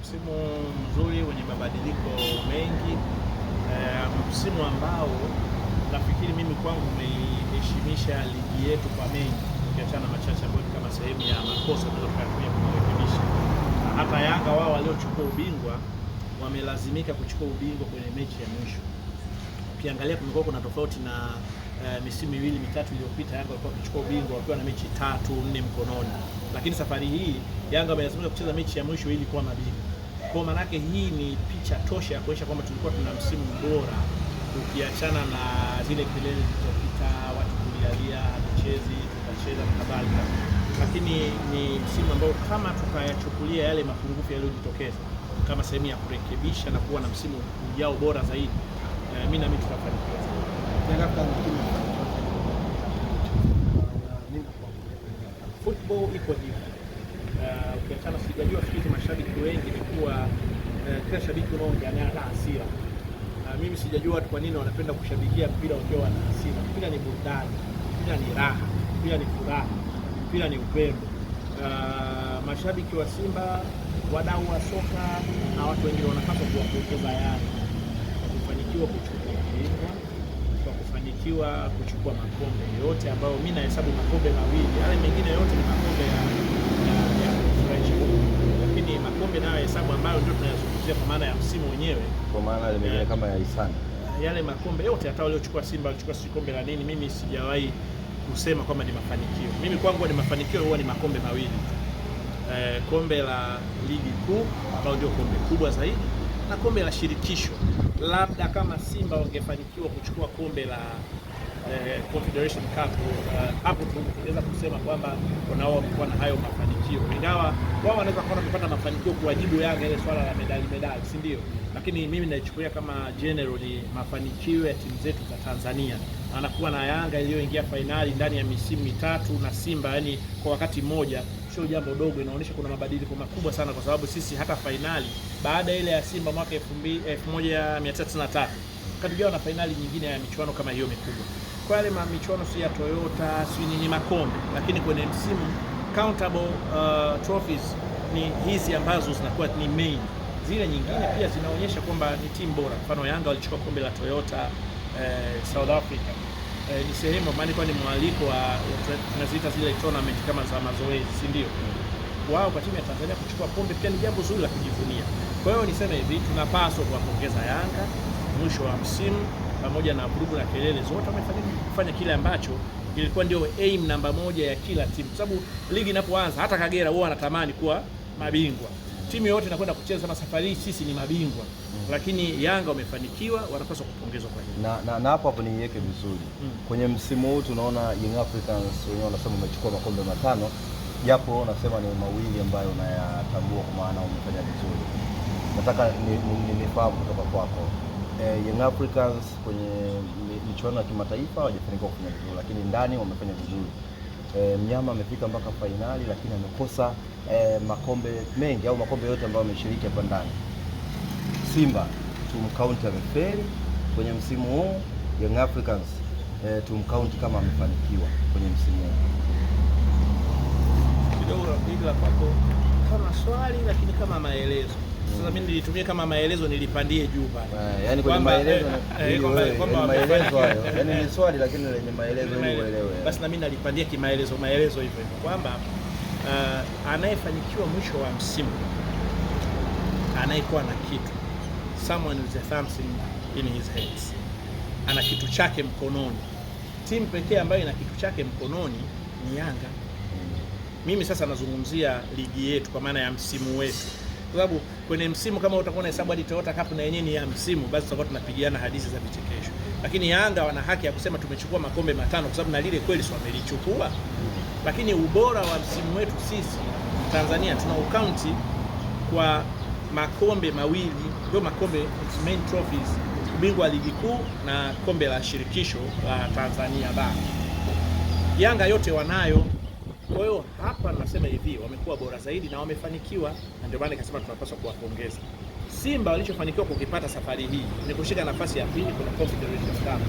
msimu mzuri wenye mabadiliko mengi eh, msimu ambao nafikiri mimi kwangu umeheshimisha ligi yetu kwa mengi, ukiachana machache ambayo kama sehemu ya makosa tunayotumia kurekebisha. Hata Yanga wao waliochukua ubingwa wamelazimika kuchukua ubingwa kwenye mechi ya mwisho. Ukiangalia kumekuwa kuna tofauti na Eh, misimu miwili mitatu iliyopita Yanga walikuwa wakichukua ubingwa wakiwa na mechi tatu nne mkononi, lakini safari hii Yanga wamelazimika kucheza mechi ya mwisho ili kuwa mabingwa. Kwa maana yake hii ni picha tosha ya kuonyesha kwamba tulikuwa tuna msimu bora, ukiachana na zile kelele zilizopita, watu kulialia michezi tukacheza na kadhalika, lakini ni msimu ambao kama tukayachukulia yale mapungufu yaliyojitokeza kama sehemu ya kurekebisha na kuwa na msimu ujao bora zaidi, uh, eh, mi nami tutafanikiwa. Football iko hivi, uh, ukiachana sijajua, siku hizi mashabiki wengi imekuwa uh, kila shabiki mmoja ana hasira. Uh, mimi sijajua watu kwa nini wanapenda kushabikia mpira ukiwa wana hasira. Mpira ni burudani, mpira ni raha, mpira ni furaha, mpira ni upendo. Mashabiki wa Simba, wadau wa soka na watu wengine wanapaswa kuwapongeza Yanga kufanikiwa hajafanikiwa kuchukua makombe yote ambayo mimi nahesabu makombe mawili. Yale mengine yote ni makombe ya ya kufurahisha, lakini makombe nayo hesabu ambayo ndio tunayazungumzia kwa maana ya msimu wenyewe, kwa maana yale mengine kama ya hisani, yale makombe yote hata waliochukua Simba walichukua si kombe la nini, mimi sijawahi kusema kwamba ni mafanikio. Mimi kwangu ni mafanikio huwa ni makombe mawili eh, kombe la ligi kuu ambao ndio kombe kubwa zaidi na kombe la shirikisho labda kama Simba wangefanikiwa kuchukua kombe la eh, Confederation Cup eh, hapo, uh, tungeweza kusema kwamba wanao wamekuwa na hayo mafanikio, ingawa wao wanaweza kuwa wamepata mafanikio kuwajibu Yanga ile swala la medali medali, si ndio? Lakini mimi naichukulia kama general ni mafanikio ya timu zetu za Tanzania anakuwa na Yanga iliyoingia fainali ndani ya misimu mitatu na Simba, yani kwa wakati mmoja, sio jambo dogo. Inaonyesha kuna mabadiliko makubwa sana, kwa sababu sisi hata fainali baada ile ya Simba mwaka 1993 katujawa na fainali nyingine ya michuano kama hiyo mikubwa, kwa yale michuano si ya Toyota si nini makombe, lakini kwenye msimu countable uh, trophies ni hizi ambazo zinakuwa ni main. Zile nyingine pia zinaonyesha kwamba ni timu bora. Mfano Yanga walichukua kombe la Toyota eh, South Africa eh, ni sehemu ambayo ni mwaliko wa tunaziita zile tournament kama za mazoezi, si ndio? wao kwa timu ya Tanzania kuchukua kombe pia ni jambo zuri la kujivunia. Kwa hiyo niseme hivi, tunapaswa kuwapongeza Yanga mwisho wa msimu, pamoja na vurugu na kelele zote, wamefanya kufanya kile ambacho ilikuwa ndio aim namba moja ya kila timu, kwa sababu ligi inapoanza hata Kagera huwa anatamani kuwa mabingwa timu yote inakwenda kucheza na safari hii sisi ni mabingwa mm. Lakini Yanga wamefanikiwa, wanapaswa kupongezwa kwa hilo, na na hapo hapo niiweke vizuri mm. Kwenye msimu huu tunaona Young Africans wenyewe wanasema wamechukua makombe matano japo unasema ni mawili ambayo unayatambua kwa maana umefanya vizuri. Nataka nifahamu ni, ni kutoka kwako eh, Young Africans kwenye michuano ya kimataifa hawajafanikiwa kufanya vizuri, lakini ndani wamefanya vizuri. E, mnyama amefika mpaka fainali lakini amekosa e, makombe mengi au makombe yote ambayo ameshiriki hapa ndani. Simba tumkaunti amefeli kwenye msimu huu. Young Africans e, eh, tumkaunti kama amefanikiwa kwenye msimu huu kidogo na nakuiga kwako kama swali, lakini kama maelezo sasa mimi nilitumia kama maelezo nilipandie juu pale. Ah, yaani kwa maelezo kwamba maelezo eh, eh, hayo. Yaani ni swali lakini lenye maelezo ili uelewe. Basi na mimi nalipandia kimaelezo maelezo hivyo hivyo kwamba uh, anayefanikiwa mwisho wa msimu anayekuwa na kitu someone with something in his hands. Ana kitu chake mkononi. Timu pekee ambayo ina kitu chake mkononi ni Yanga. Mimi sasa nazungumzia ligi yetu kwa maana ya msimu wetu, kwa sababu kwenye msimu kama utakuwa na hesabu hadi Toyota Cup na yenyewe ni ya msimu, basi tutakuwa tunapigiana hadithi za vichekesho. Lakini Yanga wana haki ya kusema tumechukua makombe matano, kwa sababu na lile kweli si wamelichukua, lakini ubora wa msimu wetu sisi Tanzania tuna ukaunti kwa makombe mawili, ndio makombe main trophies, ubingwa wa ligi kuu na kombe la shirikisho la Tanzania bara. Yanga yote wanayo. Kwa hiyo hapa nasema hivi, wamekuwa bora zaidi na wamefanikiwa, na ndio maana nikasema tunapaswa kuwapongeza. Simba walichofanikiwa kukipata safari hii ni kushika nafasi ya pili, kwenye Confederation Cup,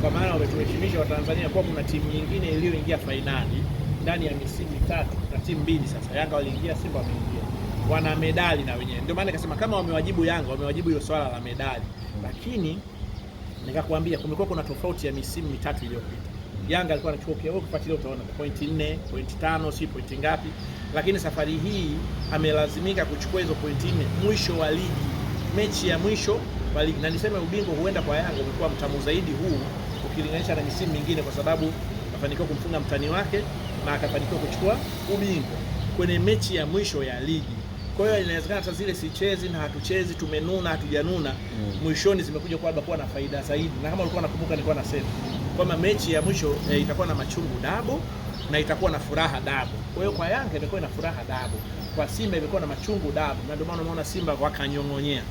kwa maana wametuheshimisha Watanzania kuwa kuna timu nyingine iliyoingia fainali ndani ya misimu mitatu na timu mbili. Sasa Yanga waliingia, Simba wameingia, wana medali na wenyewe. Ndio maana nikasema kama wamewajibu Yanga, wamewajibu hiyo swala la medali, lakini nikakwambia kumekuwa kuna tofauti ya misimu mitatu iliyopita Yanga alikuwa anachukua pia, wewe kufuatilia utaona pointi nne, pointi tano, si pointi ngapi, lakini safari hii amelazimika kuchukua hizo pointi nne mwisho wa ligi, mechi ya mwisho wa ligi. Na niseme ubingwa huenda kwa Yanga umekuwa mtamu zaidi huu ukilinganisha na misimu mingine, kwa sababu kafanikiwa kumfunga mtani wake na akafanikiwa kuchukua ubingwa kwenye mechi ya mwisho ya ligi. Kwa hiyo inawezekana hata zile sichezi na hatuchezi, tumenuna hatujanuna, mm. mwishoni zimekuja kuwa na faida zaidi, na kama ulikuwa unakumbuka, nilikuwa nasema kwamba mechi ya mwisho e, itakuwa na machungu dabo na itakuwa na furaha dabo. Kwa hiyo kwa Yanga imekuwa na furaha dabo, kwa Simba imekuwa na machungu dabo, na ndio maana unaona Simba wakanyong'onyea.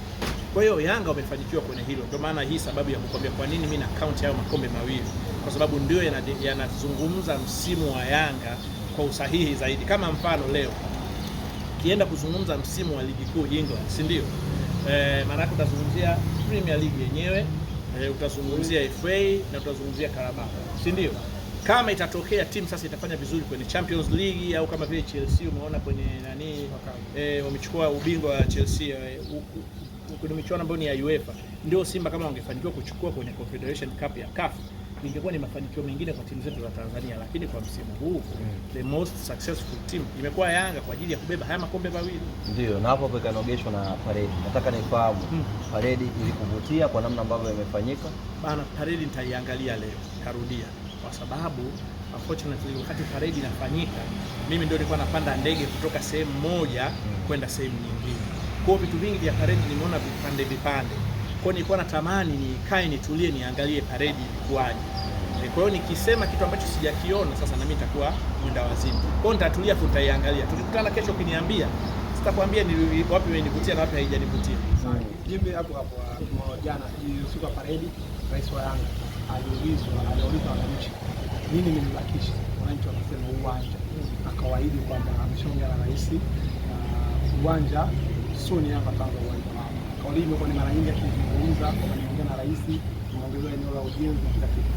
Kwa hiyo Yanga wamefanikiwa kwenye hilo, ndio maana hii sababu ya kukwambia kwa nini mimi na kaunti hayo makombe mawili, kwa sababu ndio yanazungumza yana msimu wa Yanga kwa usahihi zaidi. Kama mfano leo kienda kuzungumza msimu wa ligi kuu England, si ndio? Eh, maana utazungumzia Premier League yenyewe e, utazungumzia FA na utazungumzia Carabao, si ndio? Kama itatokea timu sasa itafanya vizuri kwenye Champions League au kama vile Chelsea umeona kwenye nani E, wamechukua ubingwa wa Chelsea eh, kwenye michuano ambayo ni ya UEFA, ndio Simba kama wangefanikiwa kuchukua kwenye Confederation Cup ya CAF ningekuwa ni mafanikio mengine kwa timu zetu za Tanzania, lakini kwa msimu huu mm. the most successful team imekuwa Yanga kwa ajili ya kubeba haya makombe mawili. Ndio, na hapo ikanogeshwa na paredi. Nataka nifahamu mm. paredi ilikuvutia kwa namna ambavyo imefanyika bana? Paredi nitaiangalia leo, karudia kwa sababu unfortunately wakati paredi inafanyika mimi ndio nilikuwa napanda ndege kutoka sehemu moja mm. kwenda sehemu nyingine, kwa vitu vingi vya paredi nimeona vipande vipande kwa nilikuwa natamani nikae nitulie niangalie paredi ilikuwaje. Eh, kwa hiyo nikisema kitu ambacho sijakiona sasa nami nitakuwa mwenda wazimu. Kwa hiyo nitatulia tu nitaiangalia. Tukikutana kesho ukiniambia sitakwambia ni wapi imenivutia na wapi haijanivutia. Jimbe hapo hapo jana siku ya paredi rais wa Yanga aliulizwa aliulizwa wananchi nini nimebakisha? Wananchi wakasema uwanja. Akawaahidi kwamba ameshaongea na rais ah, uwanja, sio ni Yanga Tanga uwanja. Kwa imekuwa ni mara nyingi akizungumza kwa niongea na rais, tunaongelea eneo la ujenzi na kila kitu.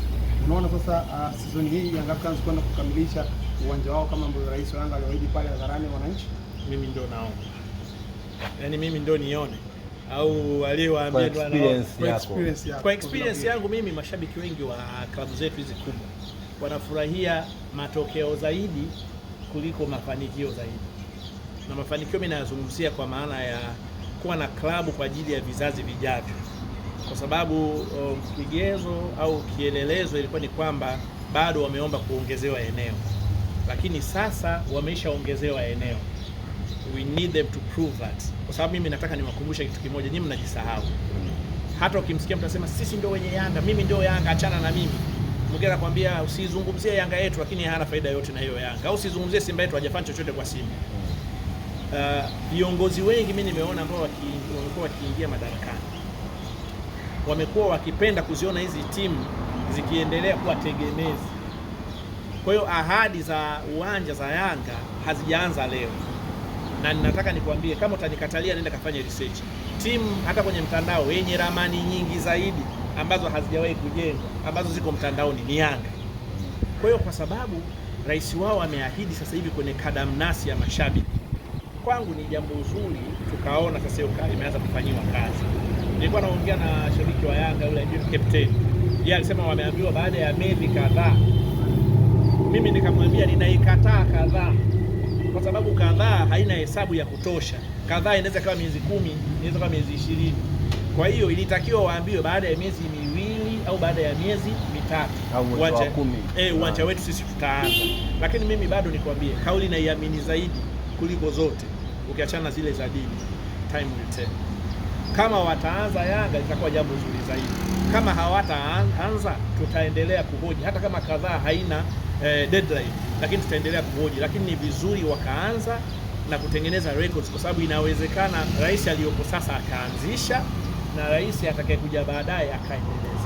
Unaona sasa uh, season hii Yanga Africans kwenda kukamilisha uwanja wao kama ambavyo rais wa Yanga aliwaahidi pale hadharani wananchi, mimi ndio naona. Yaani mimi ndio nione au aliyewaambia kwa experience yako. Experience yako. Kwa experience yangu mimi mashabiki wengi wa klabu zetu hizi kubwa wanafurahia matokeo zaidi kuliko mafanikio zaidi, na mafanikio mimi nayazungumzia kwa maana ya kuwa na klabu kwa ajili ya vizazi vijavyo, kwa sababu kigezo au kielelezo ilikuwa ni kwamba bado wameomba kuongezewa eneo, lakini sasa wameshaongezewa eneo. We need them to prove that, kwa sababu mimi nataka niwakumbushe kitu kimoja, nyinyi mnajisahau. Hata ukimsikia asema sisi ndio wenye Yanga, mimi ndio Yanga, achana na mimi Mgera kwambia usizungumzie Yanga yetu, lakini hana faida yote na hiyo Yanga, au usizungumzie Simba yetu, hajafanya chochote kwa Simba. Uh, viongozi uh, wengi mimi nimeona ambao wamekuwa wakiingia madarakani wamekuwa wakipenda kuziona hizi timu zikiendelea kuwa tegemezi. Kwa hiyo ahadi za uwanja za Yanga hazijaanza leo, na ninataka nikwambie, kama utanikatalia, nenda kafanya research timu hata kwenye mtandao yenye ramani nyingi zaidi ambazo hazijawahi kujengwa ambazo ziko mtandaoni ni Yanga. Kwa hiyo kwa sababu rais wao ameahidi sasa hivi kwenye kadamnasi ya mashabiki kwangu ni jambo zuri, tukaona sasa hiyo imeanza kufanyiwa kazi. Nilikuwa naongea na shabiki wa Yanga yule captain, yeye alisema wameambiwa baada ya meli kadhaa. Mimi nikamwambia ninaikataa kadhaa kwa sababu kadhaa haina hesabu ya kutosha. Kadhaa inaweza kawa miezi kumi, inaweza kawa miezi ishirini. Kwa hiyo ilitakiwa waambiwe baada ya miezi miwili au baada ya miezi mitatu uwanja e, eh, ah. wetu sisi tutaanza. Lakini mimi bado nikwambie, kauli naiamini zaidi kuliko zote, ukiachana zile za dini. Time will tell. Kama wataanza Yanga itakuwa jambo zuri zaidi, kama hawataanza tutaendelea kuhoji, hata kama kadhaa haina eh, deadline, lakini tutaendelea kuhoji, lakini ni vizuri wakaanza na kutengeneza records, kwa sababu inawezekana rais aliyopo sasa akaanzisha na rais atakayekuja baadaye akaendeleza.